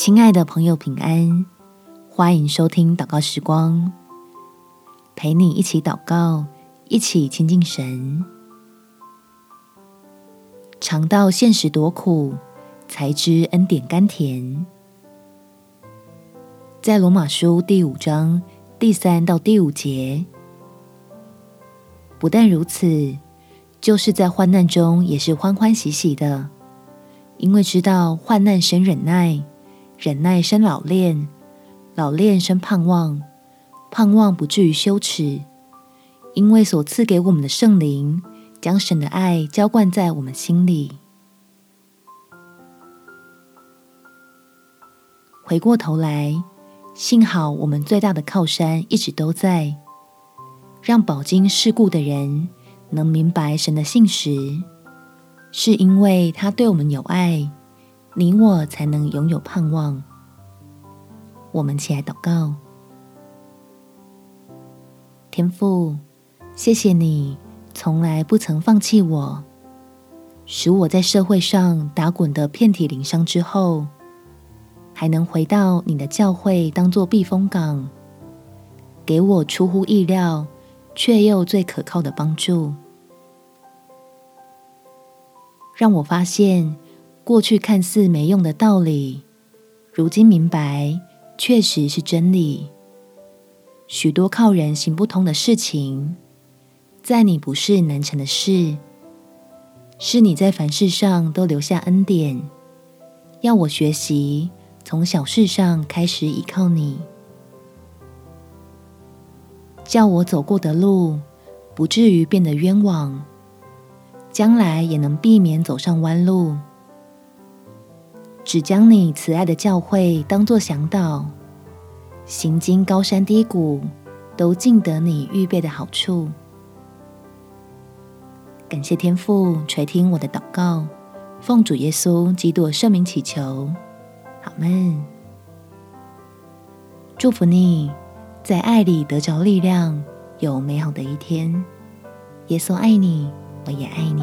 親愛的朋友，平安，歡迎收聽禱告時光，陪你一起禱告，一起親近神。嘗到現實多苦，才知恩典甘甜。在羅馬書第五章第三到第五節，不但如此，就是在患難中也是歡歡喜喜的，因為知道患難生忍耐。忍耐生老練，老練生盼望，盼望不至於羞恥，因為所賜給我們的聖靈，將神的愛澆灌在我們心裡。回過頭來，幸好我們最大的靠山一直都在，讓飽經世故的人能明白神的信實，是因為他對我們有愛。你我才能擁有盼望。我們起來禱告。天父，謝謝你從來不曾放棄我，使我在社會上打滾的遍體鱗傷之後，還能回到你的教會當做避風港，給我出乎意料卻又最可靠的幫助，讓我發現。過去看似沒用的道理，如今明白，確實是真理。許多靠人行不通的事情，在你不是難成的事，是你在凡事上都留下恩典，要我學習從小事上開始依靠你，叫我走過的路不至於變得冤枉，將來也能避免走上彎路。只將你慈愛的教誨當作向導，行經高山低谷，都盡得你預備的好處。感謝天父垂聽我的禱告，奉主耶穌基督聖名祈求，阿門。祝福你在愛裡得着力量，有美好的一天。耶穌愛你，我也愛你。